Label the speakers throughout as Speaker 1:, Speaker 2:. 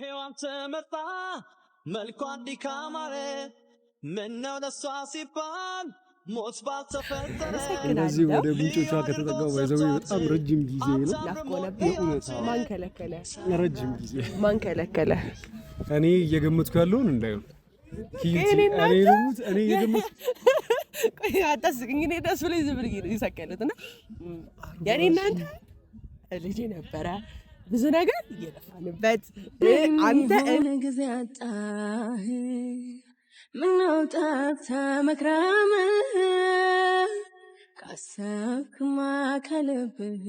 Speaker 1: ሔዋን ተመጣ መልኳ እንዲካማረ ነው ለሷ
Speaker 2: ሲባል ሞት ባልተፈጠረ። እነዚህ ወደ ጉንጮቿ ከተጠጋ ወይዘዊ በጣም ረጅም ጊዜ ነው። ማንከለከለ ረጅም ጊዜ ማንከለከለ
Speaker 1: እኔ እየገመትኩ ያለውን እንዳይሆን
Speaker 2: አታስቅኝ። ደስ እናንተ ልጅ ነበረ ብዙ ነገር እየለፋንበት አንተ ጊዜ አጣህ ምናውጣት መክራም ካሰብክማ ከልብህ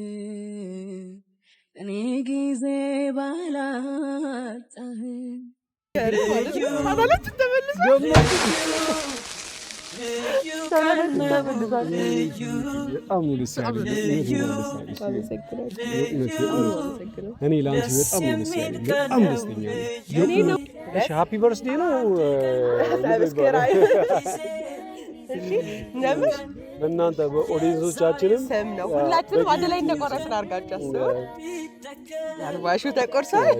Speaker 2: እኔ ጊዜ ባላጣህ በጣም
Speaker 1: ደስ እኔ ለአንቺ በጣም ደስ በጣም ደስተኛ ነው። ሃፒ በርስዴ ነው።
Speaker 2: በእናንተ በኦዲየንሶቻችንም ስም ነው። ሁላችንም አንድ ላይ እንደቆረስን አድርጋችሁ አስበው። አርባሹ ተቆርሷል።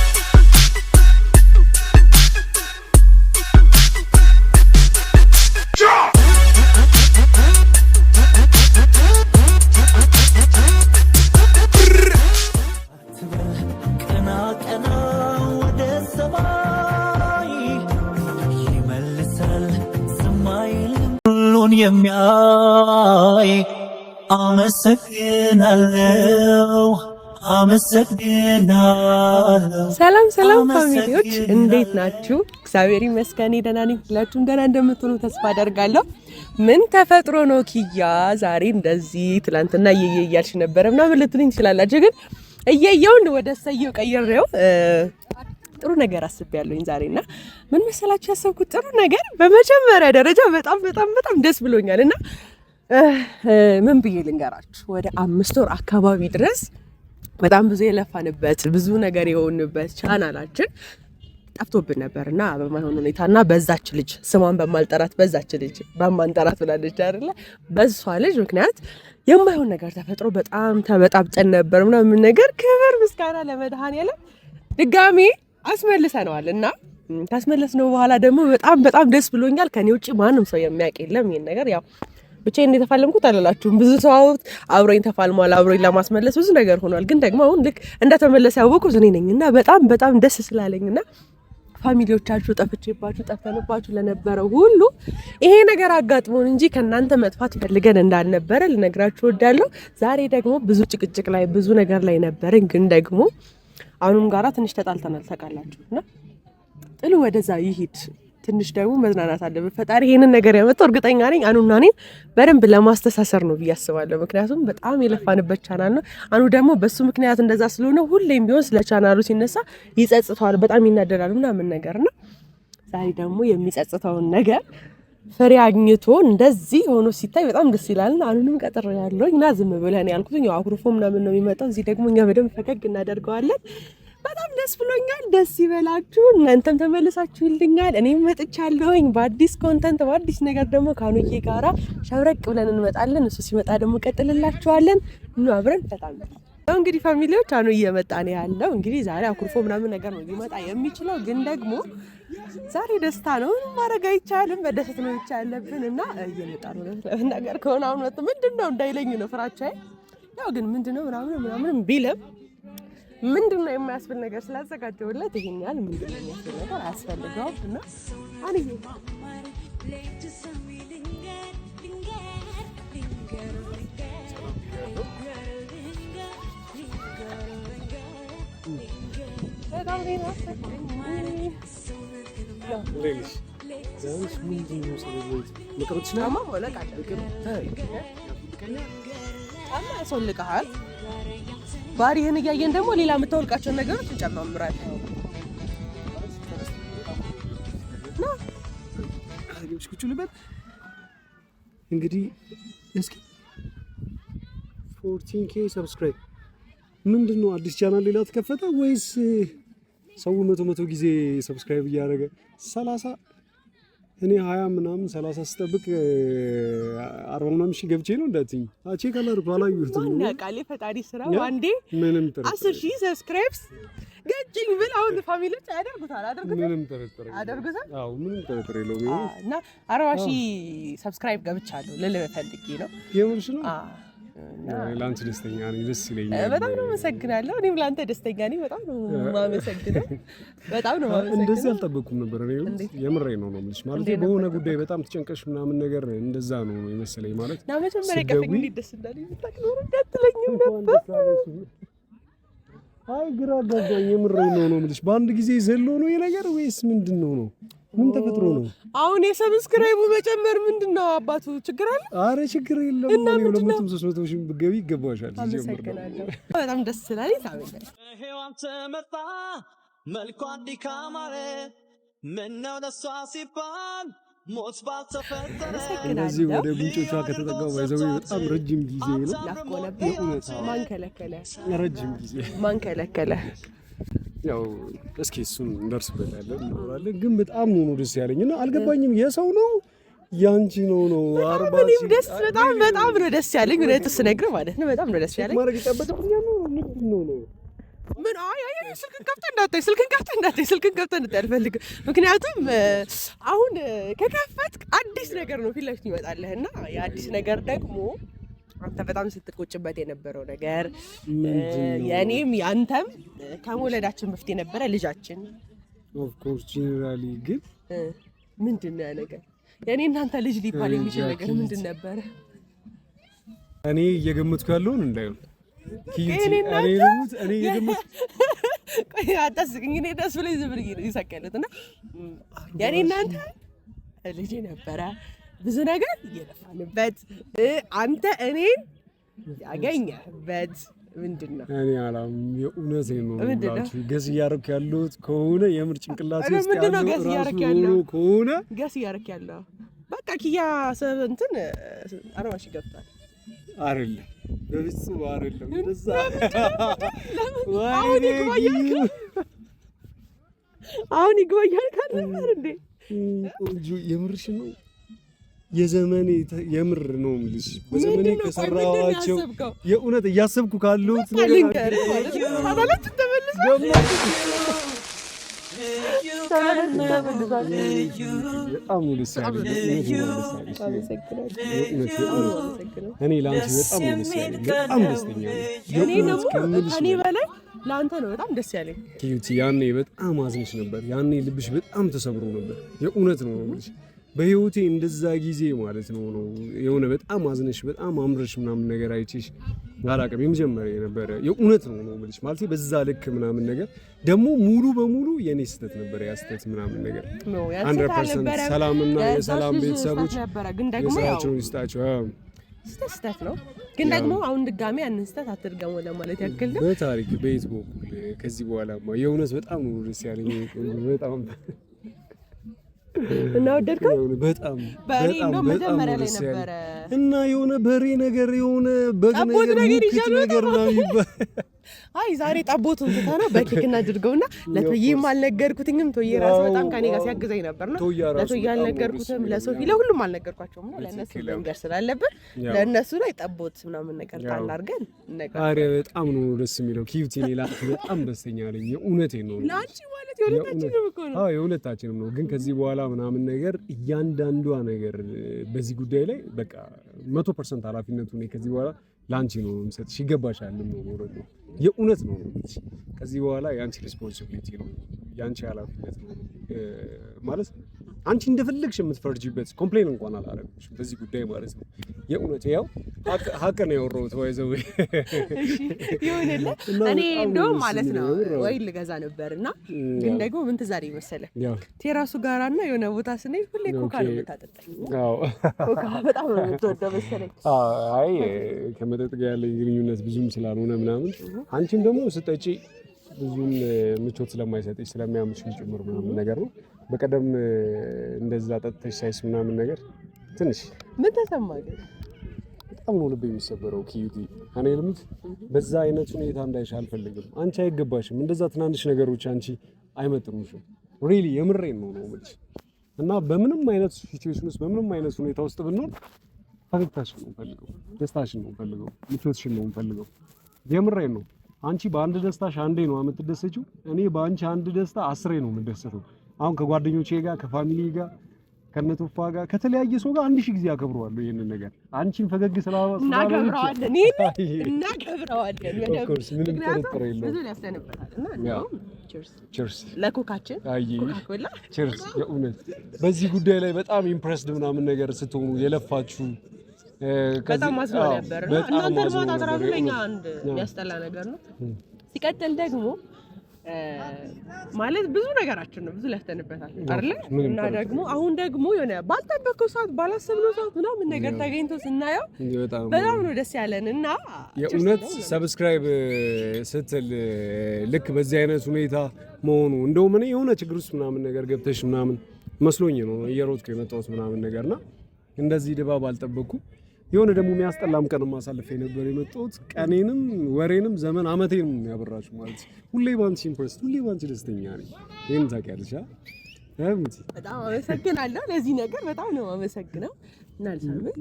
Speaker 2: ልቡን የሚያይ አመሰግናለሁ። ሰላም ሰላም ፋሚሊዎች እንዴት ናችሁ? እግዚአብሔር ይመስገን ደህና ነኝ። ሁላችሁም ደህና እንደምትሆኑ ተስፋ አደርጋለሁ። ምን ተፈጥሮ ነው ኪያ ዛሬ እንደዚህ? ትላንትና እየየ እያልሽ ነበረ ምናምን ልትልኝ ትችላላችሁ፣ ግን እየየውን ወደ ሰየው ቀይሬው ጥሩ ነገር አስቤያለሁኝ ዛሬ እና ምን መሰላችሁ ያሰብኩት ጥሩ ነገር በመጀመሪያ ደረጃ በጣም በጣም በጣም ደስ ብሎኛል እና ምን ብዬ ልንገራችሁ ወደ አምስት ወር አካባቢ ድረስ በጣም ብዙ የለፋንበት ብዙ ነገር የሆንበት ቻናላችን ጠፍቶብን ነበር እና በማይሆን ሁኔታ እና በዛች ልጅ ስሟን በማልጠራት በዛች ልጅ በማንጠራት ብላለች አይደለ? በሷ ልጅ ምክንያት የማይሆን ነገር ተፈጥሮ በጣም ተበጣብጠን ነበር ምናምን ነገር። ክብር ምስጋና ለመድኃኔዓለም ድጋሜ አስመልሰነዋል እና ካስመለስነው በኋላ ደግሞ በጣም በጣም ደስ ብሎኛል። ከኔ ውጭ ማንም ሰው የሚያውቅ የለም ይሄን ነገር ያው ብቻዬን የተፋለምኩት አላላችሁም። ብዙ ሰው አብሮኝ ተፋልሟል። አብሮኝ ለማስመለስ ብዙ ነገር ሆኗል። ግን ደግሞ አሁን ልክ እንደተመለሰ ያወቅሁት እኔ ነኝ እና በጣም በጣም ደስ ስላለኝና ፋሚሊዎቻችሁ ጠፍቼባችሁ ጠፈንባችሁ ለነበረው ሁሉ ይሄ ነገር አጋጥሞን እንጂ ከእናንተ መጥፋት ፈልገን እንዳልነበረ ልነግራችሁ እወዳለሁ። ዛሬ ደግሞ ብዙ ጭቅጭቅ ላይ ብዙ ነገር ላይ ነበረን ግን ደግሞ አሁንም ጋራ ትንሽ ተጣልተናል ታውቃላችሁ። እና ጥሉ ወደዛ ይሂድ ትንሽ ደግሞ መዝናናት አለብን። ፈጣሪ ይሄንን ነገር ያመጣው እርግጠኛ ነኝ አኑና እኔን በደንብ ለማስተሳሰር ነው ብዬ አስባለሁ። ምክንያቱም በጣም የለፋንበት ቻናል ነው። አኑ ደግሞ በሱ ምክንያት እንደዛ ስለሆነ ሁሌም ቢሆን ስለ ቻናሉ ሲነሳ ይጸጽተዋል፣ በጣም ይናደዳል ምናምን ነገር ነው ዛሬ ደግሞ የሚጸጽተውን ነገር ፍሬ አግኝቶ እንደዚህ ሆኖ ሲታይ በጣም ደስ ይላል። አሁንም ቀጥር ያለው እና ዝም ብለን ያልኩት ያው አኩርፎ ምናምን ነው የሚመጣው። እዚህ ደግሞ እኛ በደንብ ፈገግ እናደርገዋለን። በጣም ደስ ብሎኛል። ደስ ይበላችሁ። እናንተም ተመልሳችሁልኛል። እኔም መጥቻለሁኝ በአዲስ ኮንተንት፣ በአዲስ ነገር ደግሞ ከአኑዬ ጋራ ሸብረቅ ብለን እንመጣለን። እሱ ሲመጣ ደግሞ ቀጥልላችኋለን። ኑ አብረን በጣም ያው እንግዲህ ፋሚሊዎች አኑ እየመጣ ነው ያለው። እንግዲህ ዛሬ አኩርፎ ምናምን ነገር ነው ሊመጣ የሚችለው፣ ግን ደግሞ ዛሬ ደስታ ነው፣ ማድረግ አይቻልም። መደሰት ነው ብቻ ያለብን እና እየመጣ ነው ነገር ከሆነ አሁን መጥቶ ምንድን ነው እንዳይለኝ ነው ፍራቻዬ። ያው ግን ምንድን ነው ምናምን ምናምንም ቢልም ምንድን ነው የማያስብል ነገር ስላዘጋጀሁለት ይሄን ያህል ምንድን ነው የሚያስብል ነገር አያስፈልገውም እና አንዬ ያስወልቀሃል። ባህሪህን እያየን ደግሞ ሌላ የምታወልቃቸውን ነገሮች እንጨማምራል።
Speaker 1: እንግዲህ እስኪ ፎርቲን ኬ ሰብስክራይብ ምንድን ነው አዲስ ቻናል ሌላ ተከፈተ ወይስ ሰው መቶ መቶ ጊዜ ሰብስክራይብ እያደረገ ሰላሳ እኔ ሀያ ምናምን ሰላሳ ስጠብቅ አርባ ምናምን ሺህ ገብቼ ነው እንዳትኝ አቼ ካላርኩ አላየሁትም።
Speaker 2: ቃል ፈጣሪ ስራ አንዴ ምንም ጥርጥር አስር ሺህ ሰብስክራይብስ ገጭኝ ብል አሁን ፋሚሊዎች አያደርጉታል። ምንም ጥርጥር አደርጉታል አዎ ምንም ጥርጥር የለውም። እና አርባ ሺህ ሰብስክራይብ ገብቻለሁ ልልህ ፈልጌ ነው። የምርሽ ነው?
Speaker 1: ለአንቺ ደስተኛ ነኝ፣ ደስ ይለኛል። በጣም
Speaker 2: ነው አመሰግናለሁ። እኔም ለአንተ ደስተኛ ነኝ። በጣም ነው የማመሰግነው። በጣም ነው የማመሰግነው። እንደዚህ
Speaker 1: አልጠበቅኩም ነበር። እኔ የምሬ ነው ነው የምልሽ ማለት በሆነ ጉዳይ በጣም ትጨንቀሽ ምናምን ነገር እንደዛ ነው የመሰለኝ ማለት ና መጀመሪያ ቀፈኝ እንዴት
Speaker 2: ደስ እንዳለኝ ይጣቅ ኖሮ እንዳትለኝም ነበር።
Speaker 1: አይ ግራ ገባኝ። የምሬ ነው ነው የምልሽ በአንድ ጊዜ ዘሎ ነው የነገር ወይስ ምንድን ነው ነው ምን ተፈጥሮ ነው
Speaker 2: አሁን? የሰብስክራይቡ መጨመር ምንድን
Speaker 1: ነው አባቱ? ችግር አለ? አረ ችግር የለም። እና ምንድን ነው 300 ሺህ ብትገቢ ይገባሻል።
Speaker 2: በጣም ደስ ይላል። ታበለ ተመጣ
Speaker 1: መልኳ እንዲካማረ ምነው ለሷ ሲባል እነዚህ ወደ ጉንጮቿ ከተጠጋው ባይዘው በጣም ረጅም ጊዜ ነው።
Speaker 2: ማን ከለከለ? ረጅም ጊዜ ማን ከለከለ?
Speaker 1: ያው እስኪ እሱን እንደርስበታለን እንኖራለን። ግን በጣም ነው ደስ ያለኝ ያለኝና አልገባኝም። የሰው ነው ያንቺ ነው
Speaker 2: ነው አርባ ደስ በጣም በጣም ነው ደስ ያለኝ። ወደ ስነግርህ ማለት ነው በጣም ነው ደስ ያለኝ። ማድረግ ይጠበቅብኛ ነው ምንድን ነው ነው ምን አይ አይ ስልክን ከፍተህ እንዳታይ ስልክን ከፍተህ እንዳታይ ስልክን ከፍተህ እንዳታይ አልፈልግም። ምክንያቱም አሁን ከከፈትክ አዲስ ነገር ነው ፊት ለፊት ይመጣልህ እና የአዲስ ነገር ደግሞ አንተ በጣም ስትቆጭበት የነበረው ነገር የእኔም ያንተም ከመውለዳችን በፊት የነበረ ልጃችን
Speaker 1: ኦፍኮርስ ጄኔራሊ ግን
Speaker 2: ምንድን ነው ያ ነገር? የእኔ እናንተ ልጅ ሊባል የሚችል ነገር ምንድን ነበረ?
Speaker 1: እኔ እየገመትኩ ያለውን እንዳይሆን
Speaker 2: አታስቅኝ። እኔ ደስ ብሎኝ ዝም ብዬ ነው የሰቀሉት እና oh የእኔ እናንተ ልጅ ነበረ ብዙ ነገር እየለፋንበት አንተ እኔን ያገኘህበት ምንድን ነው?
Speaker 1: እኔ አላም የእውነት ነው ገስ ያለሁት ከሆነ የምር ጭንቅላት ያለው ከሆነ
Speaker 2: ገስ ያለው በቃ ኪያ ሰበንትን አርባ ሺህ ገብቷል።
Speaker 1: አይደለም በፍጹም አይደለም። እንደዛ
Speaker 2: አሁን ይግባ አሁን አይደል እንዴ? የምርሽ ነው
Speaker 1: የዘመኔ የምር ነው የምልሽ፣ በዘመኔ ከሰራኋቸው የእውነት እያሰብኩ
Speaker 2: ካሉት በጣም ነው እኔ ለአንቺ በጣም ነው በጣም
Speaker 1: ደስተኛ እኔ
Speaker 2: በላይ ለአንተ ነው በጣም ደስ ያለኝ።
Speaker 1: ያኔ በጣም አዝንሽ ነበር። ያኔ ልብሽ በጣም ተሰብሮ ነበር። የእውነት ነው የምልሽ በህይወቴ እንደዛ ጊዜ ማለት ነው ነው የሆነ በጣም አዝነሽ በጣም አምረሽ ምናምን ነገር አይቼሽ አላቅም። የመጀመሪያ የነበረ የእውነት ነው ነው ብልሽ ማለት በዛ ልክ ምናምን ነገር ደግሞ ሙሉ በሙሉ የእኔ ስህተት ነበረ። ያ ስህተት ምናምን ነገር
Speaker 2: አንድ ፐርሰንት ሰላምና የሰላም ቤተሰቦች የስራቸውን ይስጣቸው። ስህተት ስህተት ነው፣ ግን ደግሞ አሁን ድጋሜ ያንን ስህተት አትድገሙ ለማለት ያክል ነው።
Speaker 1: በታሪክ በየት በኩል ከዚህ በኋላ የእውነት በጣም ነው ደስ ያለኝ በጣም እና ወደድከው? በጣም በሬ መጀመሪያ ላይ ነበረ
Speaker 2: እና የሆነ በሬ ነገር የሆነ በግ ነገር ነገር ነው የሚባል አይ ዛሬ ጠቦቱን እንትታ ነው በኬክና አድርገውና ለቶዬም አልነገርኩትኝም። ቶዬ ራስ በጣም ከኔ ጋር ሲያግዘኝ ነበርና ለቶዬ አልነገርኩትም፣ ለሶፊ ለሁሉም አልነገርኳቸውም። ነው ለእነሱ መንገር ስላለብን ለእነሱ ላይ ጠቦት ምናምን ነገር ጣል አድርገን ነገር አሬ
Speaker 1: በጣም ነው ደስ የሚለው። ኪዩቲ ኔላ በጣም ደስተኛ ነኝ። የእውነቴን ነው
Speaker 2: ላንቺ ማለት የሁለታችንም እኮ ነው። አዎ
Speaker 1: የሁለታችንም ነው። ግን ከዚህ በኋላ ምናምን ነገር እያንዳንዷ ነገር በዚህ ጉዳይ ላይ በቃ መቶ ፐርሰንት ኃላፊነቱ ከዚህ በኋላ ለአንቺ ነው የምሰጥሽ። ይገባሻል ነው ነው የእውነት ነው። ከዚህ በኋላ የአንቺ ሪስፖንሲቢሊቲ ነው፣ የአንቺ ኃላፊነት ነው ማለት አንቺ እንደፈለግሽ የምትፈርጂበት ኮምፕሌን እንኳን አላረግሽም በዚህ ጉዳይ ማለት ነው። የእውነት ያው ሀቅ ነው ያወራሁት። ተወይዘው ይሁንል እኔ እንደውም ማለት ነው ወይ
Speaker 2: ልገዛ ነበር እና ግን ደግሞ ምን ትዝ አለኝ መሰለህ ቴራሱ ጋራ እና የሆነ ቦታ ስንሄድ ሁሌ ኮካ ነው የምታጠጣኝ። ኮካ በጣም ነው የምትወደው መሰለኝ።
Speaker 1: አይ ከመጠጥ ጋር ያለኝ ግንኙነት ብዙም ስላልሆነ ምናምን አንቺም ደግሞ ስጠጪ ብዙም ምቾት ስለማይሰጥሽ ስለሚያምሽ ጭምር ምናምን ነገር ነው። በቀደም እንደዛ ጠጥተሽ ሳይስ ምናምን ነገር ትንሽ ምን ተሰማ? በጣም ነው ልብ የሚሰበረው ኪዩቲ። እኔ ልምት በዛ አይነት ሁኔታ እንዳይሽ አልፈልግም። አንቺ አይገባሽም። እንደዛ ትናንሽ ነገሮች አንቺ አይመጥኑሽም። ሪሊ የምሬን ነው ነው እና በምንም አይነት ሲቹዌሽን ውስጥ በምንም አይነት ሁኔታ ውስጥ ብንሆን ፈገግታሽን ነው ፈልገው፣ ደስታሽን ነው ፈልገው፣ ምቾትሽን ነው ፈልገው። የምሬን ነው። አንቺ በአንድ ደስታሽ አንዴ ነው የምትደሰችው፣ እኔ በአንቺ አንድ ደስታ አስሬ ነው የምደሰተው። አሁን ከጓደኞቼ ጋር ከፋሚሊ ጋር ከነቶፋ ጋር ከተለያየ ሰው ጋር አንድ ሺህ ጊዜ አከብረዋለሁ ይሄንን ነገር። አንቺን ፈገግ ስላባ ብዙ እና
Speaker 2: ለኮካችን ኮካኮላ
Speaker 1: በዚህ ጉዳይ ላይ በጣም ኢምፕረስድ ምናምን ነገር ስትሆኑ የለፋችሁ በጣም አዝኖ ነበር እና እናንተ እርማት አትራፊ ለኛ አንድ የሚያስጠላ
Speaker 2: ነገር ነው። ሲቀጥል ደግሞ ማለት ብዙ ነገራችን ነው ብዙ ለፍተንበታል አይደለ? እና ደግሞ አሁን ደግሞ የሆነ ባልጠበቀው ሰዓት ባላሰብነው ሰዓት ምናምን ነገር ተገኝቶ ስናየው በጣም ነው ደስ ያለን እና የእውነት
Speaker 1: ሰብስክራይብ ስትል ልክ በዚህ አይነት ሁኔታ መሆኑ እንደውም እኔ የሆነ ችግር ውስጥ ምናምን ነገር ገብተሽ ምናምን መስሎኝ ነው እየሮጥኩ የመጣሁት ምናምን ነገር ነገርና እንደዚህ ድባብ አልጠበቅኩም። የሆነ ደግሞ የሚያስጠላም ቀን ማሳልፍ የነበር የመጣሁት ቀኔንም ወሬንም ዘመን አመቴንም የሚያበራችሁ ማለት ሁሌ ባንቺ ኢምፕሬስ ሁሌ ባንቺ ደስተኛ ነኝ። ይህን ታውቂያለሽ።
Speaker 2: በጣም አመሰግናለሁ ለዚህ ነገር በጣም ነው አመሰግነው። እናልሳለን።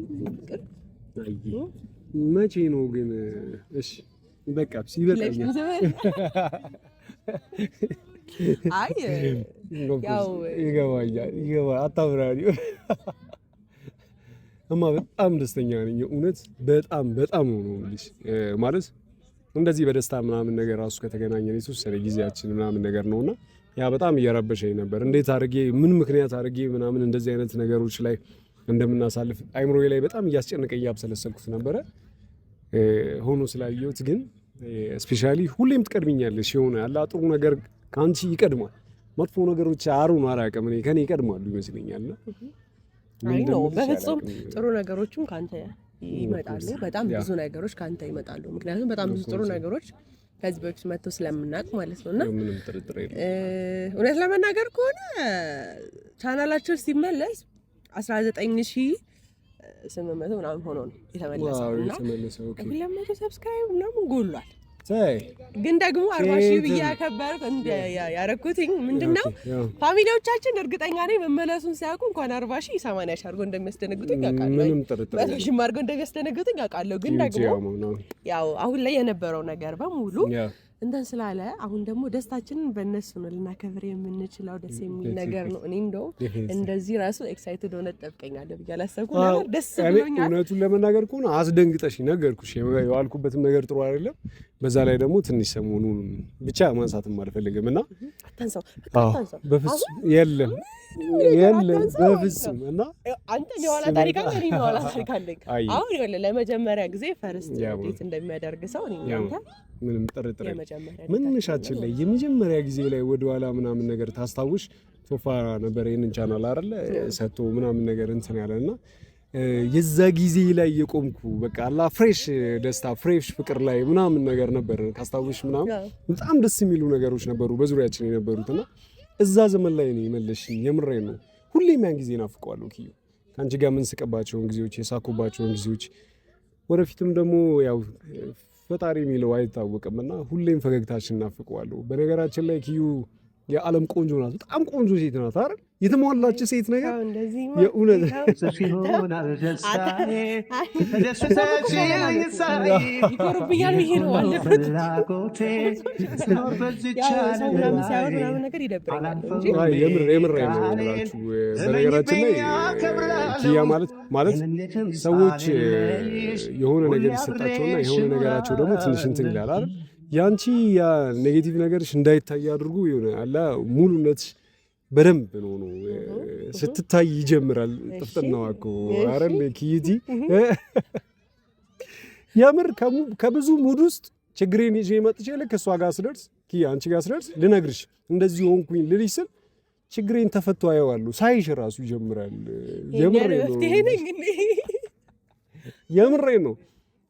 Speaker 1: መቼ ነው ግን? እሺ በቃ ይበቃኛል። አይ ያው ይገባኛል። ይገባ አታብራሪ እማ በጣም ደስተኛ ነኝ። እውነት በጣም በጣም ነው ልጅ ማለት እንደዚህ በደስታ ምናምን ነገር ራሱ ከተገናኘን የተወሰነ ጊዜያችን ምናምን ነገር ነውና ያ በጣም እየረበሸኝ ነበር። እንዴት አድርጌ ምን ምክንያት አድርጌ ምናምን እንደዚህ አይነት ነገሮች ላይ እንደምናሳልፍ አይምሮ ላይ በጣም እያስጨነቀ እያብሰለሰልኩት ነበረ። ሆኖ ስላየሁት ግን ስፔሻሊ ሁሌም ትቀድሚኛለሽ የሆነ ያለ ጥሩ ነገር ከአንቺ ይቀድማል። መጥፎ ነገሮች አሩን አራቀም ከኔ ይቀድማሉ ይመስለኛል።
Speaker 2: አይ ነው በፍጹም ጥሩ ነገሮችም ከአንተ ይመጣሉ። በጣም ብዙ ነገሮች ከአንተ ይመጣሉ። ምክንያቱም በጣም ብዙ ጥሩ ነገሮች ከዚህ በፊት መጥተው ስለምናውቅ ማለት ነው። እና እውነት ለመናገር ከሆነ ቻናላቸው ሲመለስ አስራ ዘጠኝ ሺህ ስምንት መቶ ምናምን ሆኖ ነው የተመለሰው እና
Speaker 1: ሁለት
Speaker 2: መቶ ሰብስክራይብ ምናምን ጎሏል። ግን ደግሞ አርባ ሺህ ብዬ ያከበር ያረኩትኝ ምንድን ነው ፋሚሊዎቻችን እርግጠኛ ነኝ መመለሱን ሲያውቁ እንኳን አርባ ሺህ ሰማንያ ሺህ አድርጎ እንደሚያስደነግጡኝ አውቃለሁ። መቶ ሺህም አድርጎ እንደሚያስደነግጡኝ አውቃለሁ። ግን ደግሞ ያው አሁን ላይ የነበረው ነገር በሙሉ እንትን ስላለ አሁን ደግሞ ደስታችንን በእነሱ ነው ልናከብር የምንችለው። ደስ የሚል ነገር ነው። እኔ እንደውም እንደዚህ ራሱ ኤክሳይትድ ሆነ ጠብቀኛለ ብዬ አላሰብኩም ነበር። ደስ ብሎኛል። እውነቱን
Speaker 1: ለመናገር ከሆነ አስደንግጠሽ ነገርኩሽ። የዋልኩበትም ነገር ጥሩ አይደለም። በዛ ላይ ደግሞ ትንሽ ሰሞኑን ብቻ ማንሳትም አልፈልግም እና
Speaker 2: በፍጹም የለም
Speaker 1: የለም በፍጹም እና
Speaker 2: አንተ የኋላ ታሪክ አለ እኔ የኋላ ታሪክ አለኝ። አሁን ይኸውልህ ለመጀመሪያ ጊዜ ፈርስት ዴት እንደሚያደርግ ሰው እኔ
Speaker 1: ምንም ጥርጥር መነሻችን ላይ የመጀመሪያ ጊዜ ላይ ወደኋላ ምናምን ነገር ታስታውሽ ቶፋ ነበር ይህንን ቻናል አይደለ ሰጥቶ ምናምን ነገር እንትን ያለ እና የዛ ጊዜ ላይ የቆምኩ በቃ አላ ፍሬሽ ደስታ ፍሬሽ ፍቅር ላይ ምናምን ነገር ነበር ካስታውሽ ምናምን በጣም ደስ የሚሉ ነገሮች ነበሩ በዙሪያችን የነበሩትና እዛ ዘመን ላይ ነው የመለሽኝ። የምሬ ነው። ሁሌም ያን ጊዜ ናፍቀዋለሁ ኪዩ ከአንቺ ጋር የምንስቅባቸውን ጊዜዎች፣ የሳኩባቸውን ጊዜዎች ወደፊትም ደግሞ ያው ፈጣሪ የሚለው አይታወቅምና ሁሌም ፈገግታችን እናፍቀዋለሁ። በነገራችን ላይ ኪዩ የዓለም ቆንጆ ናት። በጣም ቆንጆ ሴት ናት። አረ የተሟላች ሴት ነገር
Speaker 2: የእውነት የምር
Speaker 1: የምር በነገራችን ላይ ኪያ ማለት ማለት ሰዎች የሆነ ነገር ይሰጣቸውና የሆነ ነገራቸው ደግሞ ትንሽ እንትን ይላል አይደል ያንቺ ያ ኔጌቲቭ ነገርሽ እንዳይታይ አድርጉ የሆነ አላ ሙሉነት በደንብ ነው ነው ስትታይ ይጀምራል። ጥፍጥናዋ እኮ አረም ኪዩቲ የምር ከብዙ ሙድ ውስጥ ችግሬን ይዤ መጥቼ ልክ እሷ ጋር ስደርስ ኪ አንቺ ጋር ስደርስ ልነግርሽ እንደዚህ ሆንኩኝ ልልሽ ስል ችግሬን ተፈቶ አየዋለሁ ሳይሽ ራሱ ይጀምራል። የምሬ ነው የምሬ ነው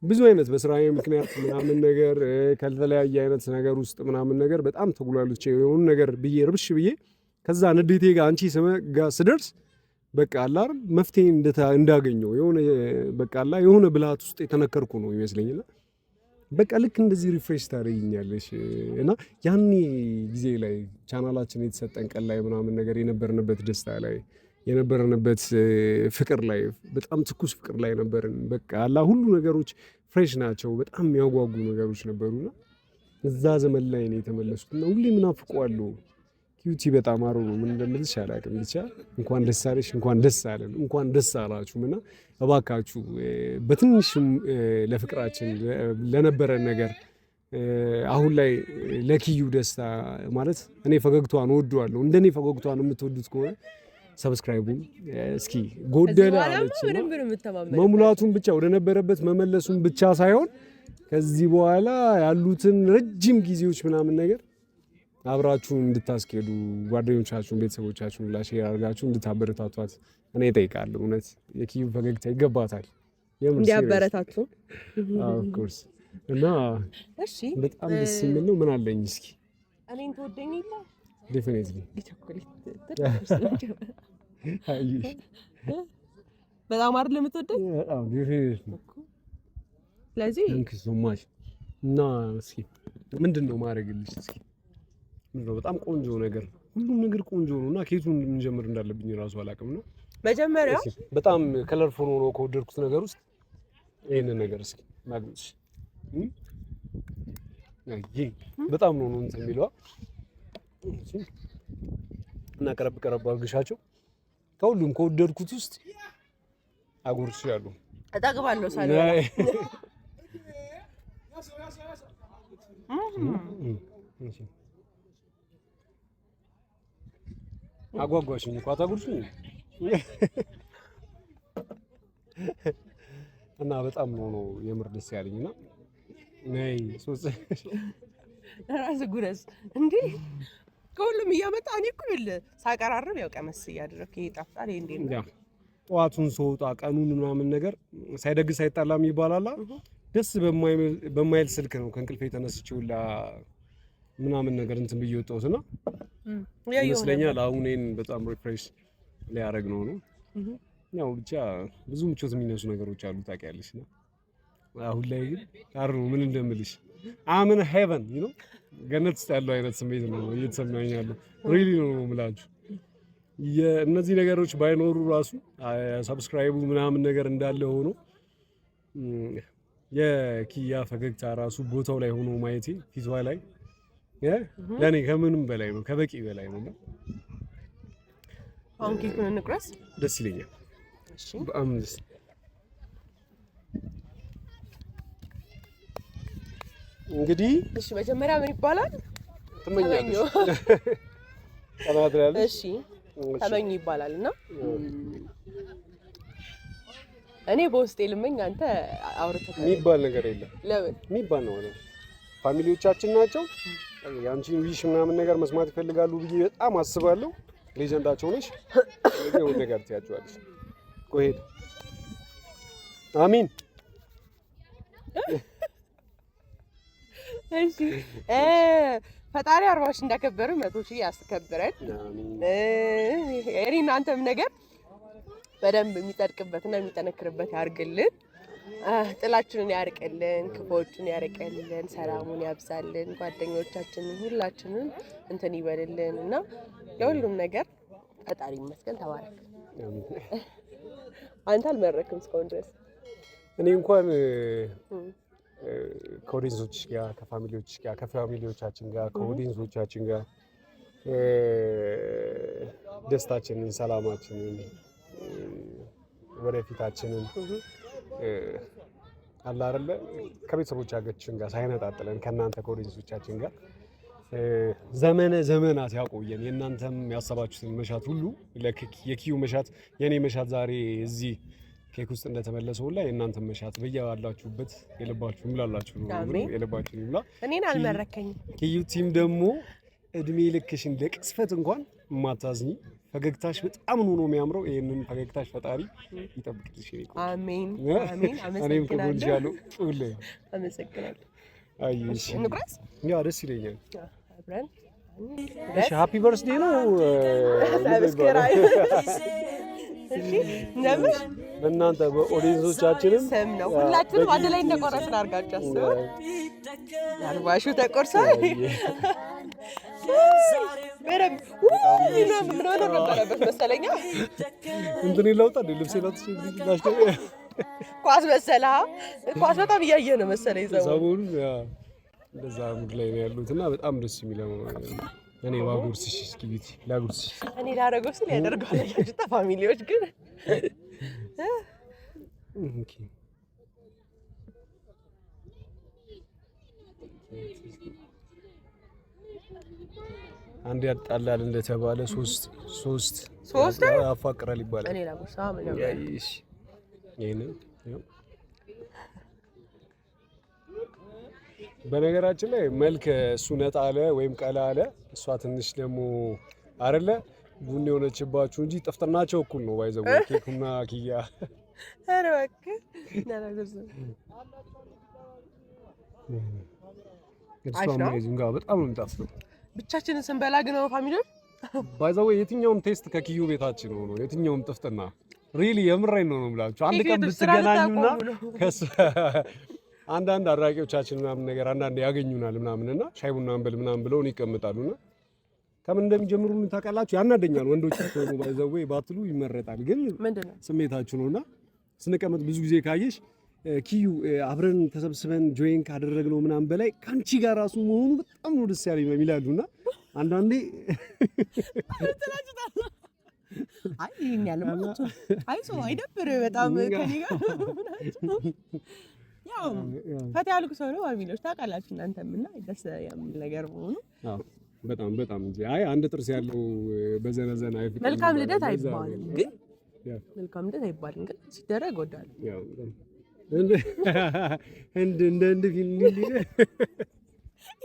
Speaker 1: ብዙ አይነት በስራ ምክንያት ምናምን ነገር ከተለያየ አይነት ነገር ውስጥ ምናምን ነገር በጣም ተጉላልቼ የሆኑ ነገር ብዬ ርብሽ ብዬ ከዛ ንዴቴ ጋር አንቺ ስመጋ ስደርስ በቃ አላር መፍትሄ እንዳገኘው የሆነ በቃ አላ የሆነ ብልሃት ውስጥ የተነከርኩ ነው ይመስለኝና በቃ ልክ እንደዚህ ሪፍሬሽ ታደርጊኛለሽ እና ያኔ ጊዜ ላይ ቻናላችን የተሰጠን ቀን ላይ ምናምን ነገር የነበርንበት ደስታ ላይ የነበርንበት ፍቅር ላይ በጣም ትኩስ ፍቅር ላይ ነበርን። በቃ አላ ሁሉ ነገሮች ፍሬሽ ናቸው። በጣም የሚያጓጉ ነገሮች ነበሩና እዛ ዘመን ላይ ነው የተመለስኩት እና ሁሌ ምናፍቀዋለሁ። ኪዩቲ በጣም አሮ ነው። ምን እንደምልሽ አላውቅም። ብቻ እንኳን ደስ አለሽ፣ እንኳን ደስ አለን፣ እንኳን ደስ አላችሁም እና እባካችሁ በትንሽም ለፍቅራችን ለነበረን ነገር አሁን ላይ ለኪዩ ደስታ ማለት እኔ ፈገግቷን እወደዋለሁ። እንደኔ ፈገግቷን የምትወዱት ከሆነ ሰብስክራይቡ እስኪ ጎደለ አለች። መሙላቱን ብቻ ወደ ነበረበት መመለሱን ብቻ ሳይሆን ከዚህ በኋላ ያሉትን ረጅም ጊዜዎች ምናምን ነገር አብራችሁ እንድታስኬዱ ጓደኞቻችሁን፣ ቤተሰቦቻችሁን ላ ሼር አድርጋችሁ እንድታበረታቷት እኔ እጠይቃለሁ። እውነት የኪዩ ፈገግታ ይገባታል እንዲያበረታቱ ኦፍኮርስ። እና
Speaker 2: በጣም ደስ የሚል
Speaker 1: ነው። ምን አለኝ እስኪ
Speaker 2: እኔን ትወደኝ የለ በጣም አይደል የምትወደኝ? በጣም ስለዚህ
Speaker 1: እና እስኪ ምንድን ነው ማድረግልሽ? እስኪ ምንድን ነው በጣም ቆንጆ ነገር፣
Speaker 2: ሁሉም ነገር ቆንጆ
Speaker 1: ነው እና ኬቱን እንጀምር እንዳለብኝ እራሱ አላውቅም። ነው መጀመሪያ በጣም ከለርፎን ሆኖ ከወደድኩት ነገር ውስጥ ይህንን ነገር እስኪ ማግኘት በጣም ነው ነው እንትን የሚለዋ እና ቀረብ ቀረብ አድርግሻቸው። ከሁሉም ከወደድኩት ውስጥ አጉርስ ያሉ
Speaker 2: እጠግባለሁ ሳለ
Speaker 1: አጓጓሽኝ እኮ አታጉርሽኝ። እና በጣም ነው ነው የምር ደስ ያለኝና ነይ ሶስት
Speaker 2: ራስ ጉረስ እንዴ ከሁሉም እያመጣ እኔ እኮ እኩል ሳቀራርብ ያው ቀመስ እያደረግ ይሄ ጣፍጣል ይሄ እንዴት ነው
Speaker 1: ጠዋቱን ሰውጣ ቀኑን ምናምን ነገር ሳይደግስ ሳይጣላም ይባላላ። ደስ በማይል ስልክ ነው ከእንቅልፍ የተነስችው ምናምን ነገር እንትን ብዬ ወጣሁት እና ይመስለኛል አሁን በጣም ሪፍሬሽ ሊያደርግ ነው ነው ያው ብቻ ብዙ ምቾት የሚነሱ ነገሮች አሉ ታውቂያለሽ ነው አሁን ላይ ግን አሩ ምን እንደምልሽ አምን ሄቨን ዩ ኖ ገነት ውስጥ ያለው አይነት ስሜት ነው እየተሰማኝ ያለው። ሪሊ ነው የምላችሁ የእነዚህ ነገሮች ባይኖሩ ራሱ ሰብስክራይቡ ምናምን ነገር እንዳለ ሆኖ የኪያ ፈገግታ ራሱ ቦታው ላይ ሆኖ ማየቴ ፊቷ ላይ ያኔ ከምንም በላይ ነው ከበቂ በላይ ነው።
Speaker 2: አሁን ኬኩን እንቁረስ።
Speaker 1: ደስ ይለኛል በጣም ደስ እንግዲህ
Speaker 2: እሺ፣ መጀመሪያ ምን ይባላል? ትመኛለሽ። እሺ፣ ተመኝ ይባላል እና እኔ በውስጤ ልመኝ፣ አንተ አውርተህ የሚባል ነገር
Speaker 1: የለም። ለምን የሚባል ነው? ፋሚሊዎቻችን ናቸው። የአንቺን ዊሽ ምናምን ነገር መስማት ይፈልጋሉ ብዬ በጣም አስባለሁ። ሌጀንዳቸው ነሽ። ይሄው ነገር ትያቸዋለሽ። ቆይ
Speaker 2: አሚን እሺ ፈጣሪ አርባሽ እንዳከበረ መቶ ሺህ ያስከብረን። እኔ እናንተም ነገር በደንብ የሚጠድቅበትና የሚጠነክርበት ያርግልን። ጥላችንን ያርቅልን፣ ክፎቹን ያርቅልን፣ ሰላሙን ያብዛልን፣ ጓደኞቻችንን ሁላችንን እንትን ይበልልን እና ለሁሉም ነገር ፈጣሪ ይመስገን። ተባረክ። አንተ አልመረክም እስካሁን ድረስ
Speaker 1: እኔ እንኳን ከኦዲንሶች ጋር ከፋሚሊዎች ጋር ከፋሚሊዎቻችን ጋር ከኦዲንሶቻችን ጋር ደስታችንን፣ ሰላማችንን፣ ወደፊታችንን አለ አይደለ ከቤተሰቦቻችን ጋር ሳይነጣጥለን ከእናንተ ከኦዲንሶቻችን ጋር ዘመነ ዘመናት ያቆየን። የእናንተም ያሰባችሁትን መሻት ሁሉ የኪዩ መሻት የእኔ መሻት ዛሬ እዚህ ኬክ ውስጥ እንደተመለሰው ሁላ የእናንተ መሻት በያላችሁበት የልባችሁ ይምላላችሁ የልባችሁ ይምላ። እኔን አልመረከኝ ኪዩ ቲም ደግሞ እድሜ ልክሽን ለቅስፈት እንኳን ማታዝኝ ፈገግታሽ በጣም ነው ነው የሚያምረው። ይሄንን ፈገግታሽ ፈጣሪ ይጠብቅልሽ።
Speaker 2: አሜን አሜን። አመሰግናለሁ። አመሰግናለሁ።
Speaker 1: አይሽ እንቁራስ ያ ደስ ይለኛል።
Speaker 2: አብረን እሺ።
Speaker 1: ሃፒ በርዝዴይ ነው ሰብስክራይብ ለምን በእናንተ
Speaker 2: በኦዲየንሶቻችንም ስም ነው። ሁላችንም አንድ ላይ እንደቆረስን አድርጋችሁ አልባሹ ተቆርሷል። ምን ኳስ መሰላ ኳስ በጣም እያየ ነው መሰለኝ ሰሞኑን
Speaker 1: እንደዛ ሙድ ላይ ነው ያሉትና በጣም ደስ የሚለው እኔ ባጉርስሽ እስኪ ቤት ላጉርስሽ። እኔ ላረገው ስል ያደርገዋል። ያጅታ ፋሚሊዎች ግን አንድ ያጣላል እንደተባለ ሶስት ሶስት ሶስት አፋቅራል ይባላል። እኔ ያይሽ በነገራችን ላይ መልክ እሱ ነጣ አለ ወይም ቀላ አለ እሷ ትንሽ ደግሞ አይደለ ቡኒ የሆነችባችሁ እንጂ ጥፍጥናቸው እኩል ነው። ባይዘው ኬኩና ኪያ ጋር በጣም ነው የሚጣፍጠው።
Speaker 2: ብቻችንን ስንበላ ግን ነው ፋሚሊዮን
Speaker 1: ባይዘው የትኛውም ቴስት ከኪዩ ቤታችን ሆኖ የትኛውም ጥፍጥና ሪሊ የምሬን ነው ነው የምላችሁ አንድ ቀን ብትገናኙና አንዳንድ አድራቂዎቻችን ምናምን ነገር አንዳንድ ያገኙናል ምናምንና ሻይ ቡና እንበል ምናምን ብለውን ይቀምጣሉ ይቀምጣሉና ከምን እንደሚጀምሩ ታውቃላችሁ? ያናደኛል። ወንዶች ሆኑ ባይዘው ባትሉ ይመረጣል፣ ግን ስሜታችሁ ነው ነውና ስንቀመጥ ብዙ ጊዜ ካየሽ ኪዩ አብረን ተሰብስበን ጆይን ካደረግነው ምናምን በላይ ከአንቺ ጋር ራሱ መሆኑ በጣም ነው ደስ ያለኝ ይላሉና አንዳንዴ
Speaker 2: አይ ይሄን ያለ ማለት አይሶ አይደብር በጣም ከኔ ጋር ያው ፈታ ያልኩ ሰው ነው ባቢሎች ታውቃላችሁ እናንተም እና ደስ የሚል ነገር መሆኑ
Speaker 1: በጣም በጣም እንጂ አይ አንድ ጥርስ ያለው በዘነዘና አይፍቅም። መልካም ልደት አይባልም ግን
Speaker 2: መልካም ልደት አይባልም ግን ሲደረግ ወዳል
Speaker 1: ያው እንደ እንደ እንደ እንደ ፊልም እንደ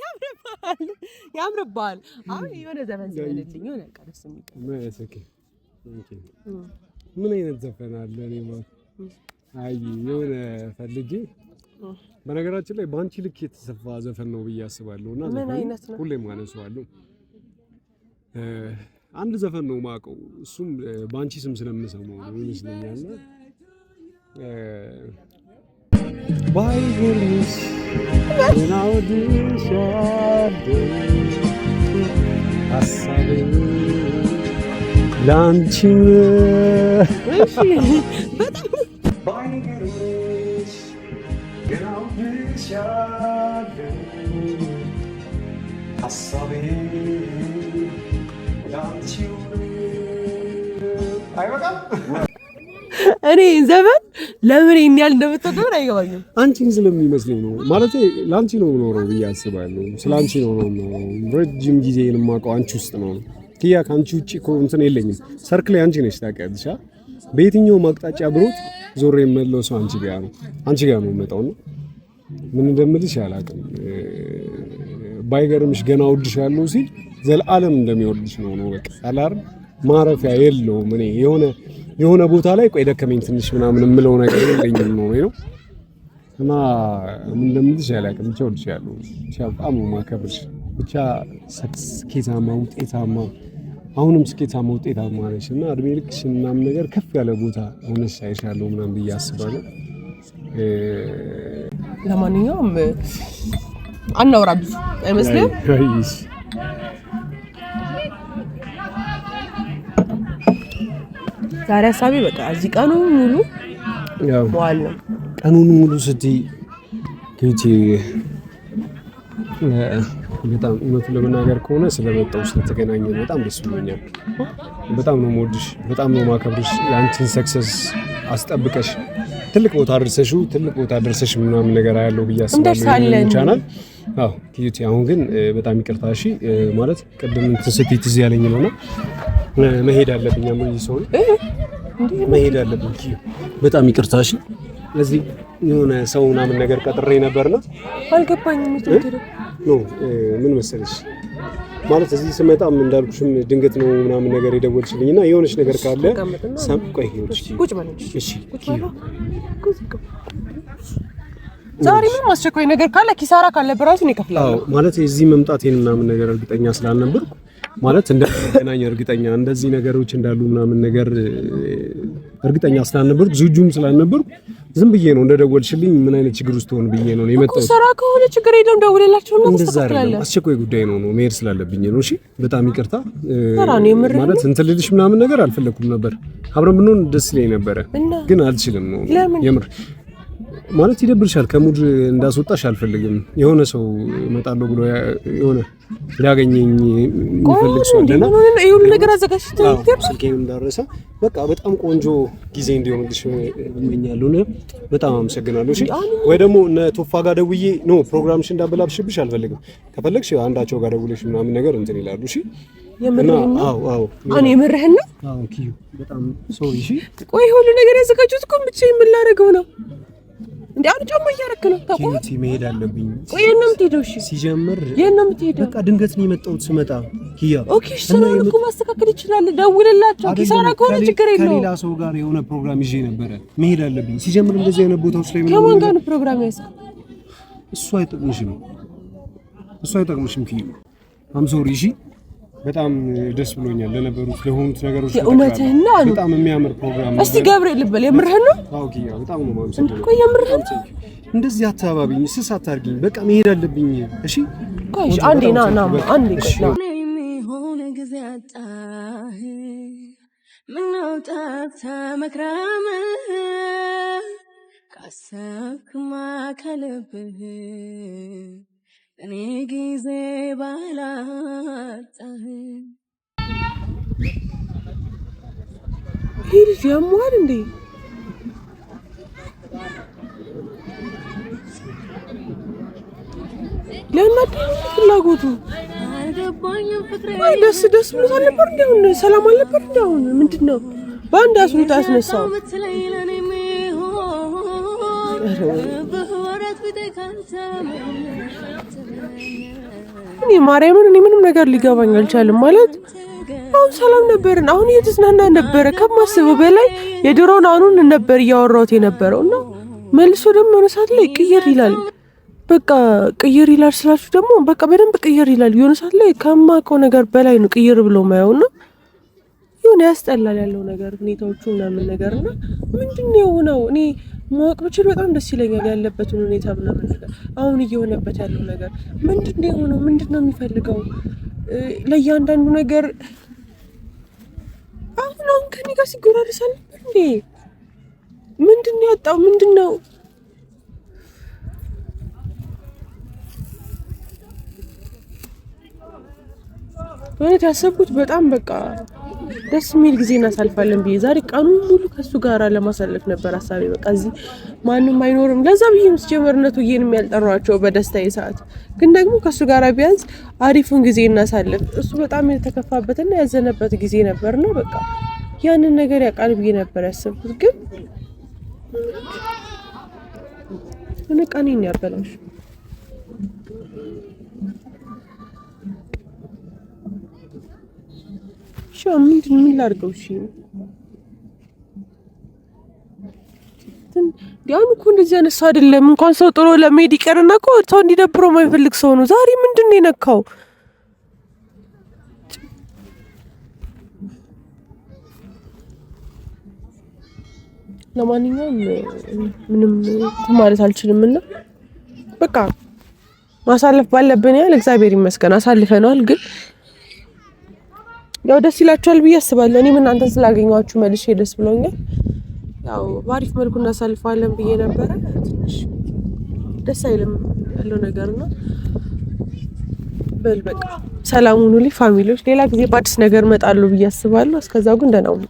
Speaker 2: ያምርባል ያምርብሃል። አሁን የሆነ ዘፈን ዘፈንልኝ ሆነ
Speaker 1: ቀርስ ደስ የሚል ኦኬ ምን አይነት ዘፈን አለ? ማለት አይ የሆነ ፈልጌ በነገራችን ላይ በአንቺ ልክ የተሰፋ ዘፈን ነው ብዬ አስባለሁ እና ሁሌም አነሳዋለሁ። አንድ ዘፈን ነው ማውቀው እሱም በአንቺ ስም ስለምሰማው ነው ይመስለኛል። ባይገርምሽ ሀሳቤ ለአንቺ
Speaker 2: እኔ ዘመን ለምን ይሄን ያህል እንደምትወደው አይገባኝም።
Speaker 1: አንቺን ስለሚመስለኝ ነው ማለት ለአንቺ ነው የምኖረው ብዬ አስባለሁ። ስለ አንቺ ነው ነው ረጅም ጊዜ የማውቀው አንቺ ውስጥ ነው። ያ ከአንቺ ውጭ እኮ እንትን የለኝም። ሰርክ ላይ አንቺ ነሽ ታውቂያለሽ። በየትኛውም አቅጣጫ ብሮት ዞሬ የምመለሰው አንቺ ጋር ነው አንቺ ጋር ነው የምመጣው ነው ምን እንደምልሽ አላውቅም። ባይገርምሽ ገና እወድሻለሁ ሲል ዘለዓለም እንደሚወድሽ ነው ነው በቃ አላር ማረፊያ የለውም። እኔ የሆነ የሆነ ቦታ ላይ ቆይ ደከመኝ ትንሽ ምናምን የምለው ነገር የለኝም ነው ነው እና ምን እንደምልሽ አላውቅም። ብቻ እወድሻለሁ። ብቻ በጣም ነው የማከብርሽ። ብቻ ስኬታማ ውጤታማ አሁንም ስኬታማ ውጤታማ ነሽ እና እድሜ ልክሽ ምናምን ነገር ከፍ ያለ ቦታ ሆነሽ አይሻለሁ ምናምን ብዬ አስባለሁ። ለማንኛውም
Speaker 2: አናውራ ብዙ አይመስልም። ዛሬ ሀሳቤ በቃ እዚህ ቀኑን ሙሉ
Speaker 1: መዋል ነው። ቀኑን ሙሉ ስትይ በጣም እውነቱን ለመናገር ከሆነ ስለመጣው ስለተገናኘ በጣም ደስ ብሎኛል። በጣም ነው የምወድሽ፣ በጣም ነው የማከብርሽ። የአንቺን ሰክሰስ አስጠብቀሽ ትልቅ ቦታ ደርሰሽው ትልቅ ቦታ ደርሰሽ ምናምን ነገር ያለው ብዬ አስባለሁ ቻናል። አዎ ቲዩቲ አሁን ግን በጣም ይቅርታ እሺ። ማለት ቅድም ስትይ ትዝ ያለኝ ነው እና መሄድ አለብኝ አሞኝ ሰው መሄድ አለብኝ ቲዩ በጣም ይቅርታ እሺ። እዚህ የሆነ ሰው ምናምን ነገር ቀጥሬ ነበርና አልገባኝም። ምን መሰለሽ ማለት እዚህ ስመጣም እንዳልኩሽም ድንገት ነው ምናምን ነገር የደወልሽልኝ እና የሆነች ነገር ካለ
Speaker 2: ቆይ ዛሬ ምንም አስቸኳይ ነገር ካለ ኪሳራ ካለ ብራቱን ይከፍላል
Speaker 1: ማለት የዚህ መምጣቴን ምናምን ነገር እርግጠኛ ስላልነበርኩ ማለት እንደገናኝ እርግጠኛ እንደዚህ ነገሮች እንዳሉ ምናምን ነገር እርግጠኛ ስላልነበርኩ ዝጁም ስላልነበርኩ ዝም ብዬ ነው እንደደወልሽልኝ ምን አይነት ችግር ውስጥ ሆን ብዬ ነው የመጣሁት።
Speaker 2: ስራ ከሆነ ችግር የለም ደውልላቸው እና ተስተካክላለህ። አስቸኳይ
Speaker 1: ጉዳይ ነው ነው መሄድ ስላለብኝ ነው። እሺ በጣም ይቅርታ ማለት እንትን ልልሽ ምናምን ነገር አልፈለኩም ነበር። አብረን ብንሆን ደስ ይለኝ ነበረ፣ ግን አልችልም ነው የምር ማለት ይደብርሻል። ከሙድ እንዳስወጣሽ አልፈልግም። የሆነ ሰው እመጣለሁ ብሎ የሆነ ሊያገኘኝ የሚፈልግ ሰው ነገር አዘጋጅተው ስልኬንም እንዳረሰ በቃ በጣም ቆንጆ ጊዜ እንዲሆንልሽ እመኛለሁ። በጣም አመሰግናለሁ። ወይ ደግሞ እነ ቶፋ ጋር ደውዬ ኖ ፕሮግራምሽ እንዳበላሽብሽ አልፈልግም። ከፈለግሽ አንዳቸው ጋር ደውለሽ ምናምን ነገር እንትን ይላሉ። የምርህን ነው።
Speaker 2: ቆይ ሁሉ ነገር ያዘጋጁት እኮ ብቻዬን ምን ነው? እንዴ? አሁን ጫማ እያደረክ ነው።
Speaker 1: ተቆም መሄድ አለብኝ። ቆይ የት ነው የምትሄደው? እሺ ሲጀምር የት ነው የምትሄደው? በቃ ድንገት ነው የመጣሁት ስመጣ። ኪያ ኦኬ። እሺ ስለሆነ እኮ ማስተካከል ይችላል።
Speaker 2: ደውልላቸው። ኪሳራ ከሆነ ችግር የለውም። ከሌላ
Speaker 1: ሰው ጋር የሆነ ፕሮግራም ይዤ ነበረ መሄድ አለብኝ። ሲጀምር እንደዚህ አይነት ቦታዎች ላይ ከማን ጋር ነው
Speaker 2: ፕሮግራም ያዝከው?
Speaker 1: እሱ አይጠቅምሽም፣ እሱ አይጠቅምሽም ኪያ። አም ሶሪ እሺ በጣም ደስ ብሎኛል። ለነበሩት ለሆኑት ነገሮች የእውነትህን ነው አሉ። በጣም የሚያምር ፕሮግራም ነው። እስቲ
Speaker 2: ገብርኤል ልበል፣ የምርህን ነው? አዎ ኪያ፣ በጣም ነው ማለት ነው። ቆይ የምርህን ነው?
Speaker 1: እንደዚህ አታባቢኝ፣ ስስ አታርጊኝ። በቃ መሄድ አለብኝ። እሺ
Speaker 2: ቆይ፣ አንዴ ና ና፣ አንዴ ቆይ፣ የሚሆነ ጊዜ አጣህ ምነው ጠፍታ መክራም ካሰብክማ ከልብህ እኔ ጊዜ ባላጣህን ሂድ ያሟል እንዴ? ለምን ፍላጎቱ አልገባኝም። ፍቅሬ ወይ ደስ ደስ ብሎት አልነበር? እንዲሁን ሰላም አልነበር? እንዲሁን ምንድን ነው በአንድ አስሩት አስነሳው። እኔ ማርያምን እኔ ምንም ነገር ሊገባኝ አልቻልም። ማለት አሁን ሰላም ነበርን፣ አሁን እየተዝናና ነበረ። ከማስበው በላይ የድሮን አሁኑን ነበር እያወራሁት የነበረው እና መልሶ ደግሞ የሆነ ሰዓት ላይ ቅይር ይላል። በቃ ቅይር ይላል ስላችሁ ደግሞ በቃ በደንብ ቅይር ይላል። የሆነ ሰዓት ላይ ከማውቀው ነገር በላይ ነው ቅይር ብሎ ማየው እና የሆነ ያስጠላል ያለው ነገር ሁኔታዎቹ ምናምን ነገር እና ምንድን የሆነው እኔ ማወቅ ብችል በጣም ደስ ይለኛል። ያለበትን ሁኔታ ምናምን ነገር አሁን እየሆነበት ያለው ነገር ምንድን ነው የሆነው? ምንድን ነው የሚፈልገው? ለእያንዳንዱ ነገር አሁን አሁን ከኔ ጋር ሲጎራርሳል እንዴ? ምንድን ነው ያጣው? ምንድን ነው በእውነት ያሰብኩት በጣም በቃ ደስ የሚል ጊዜ እናሳልፋለን ብዬ ዛሬ ቀኑን ሙሉ ከሱ ጋር ለማሳለፍ ነበር ሀሳቤ። በቃ እዚህ ማንም አይኖርም። ለዛ ብዬ ምስ ጀመርነቱ እየንም ያልጠሯቸው በደስታዬ ሰዓት ግን ደግሞ ከእሱ ጋር ቢያንስ አሪፉን ጊዜ እናሳልፍ። እሱ በጣም የተከፋበትና ያዘነበት ጊዜ ነበር ነው በቃ ያንን ነገር ያውቃል ብዬ ነበር ያሰብኩት። ግን እኔ ቀኔን ያበላሽ ምንድን ምን ላድርገው? እሺ ዲያኑ እኮ እንደዚህ አይነት አይደለም። እንኳን ሰው ጥሎ ለመሄድ ይቀርና እኮ ሰው እንዲደብረው የማይፈልግ ሰው ነው። ዛሬ ምንድን ነው የነካው? ለማንኛውም ምንም ማለት አልችልም እና በቃ ማሳለፍ ባለብን ያህል እግዚአብሔር ይመስገን አሳልፈነዋል ግን ያው ደስ ይላችኋል ብዬ አስባለሁ። እኔም እናንተን ስላገኘኋችሁ መልሼ ደስ ብሎኛል። ያው በአሪፍ መልኩ እናሳልፈዋለን ብዬ ነበረ። ትንሽ ደስ አይልም ያለው ነገር ነው። በል በቃ ሰላም ሁኑልኝ ፋሚሊዎች። ሌላ ጊዜ በአዲስ ነገር እመጣለሁ ብዬ አስባለሁ። እስከዛው ግን ደህና ሁኑ።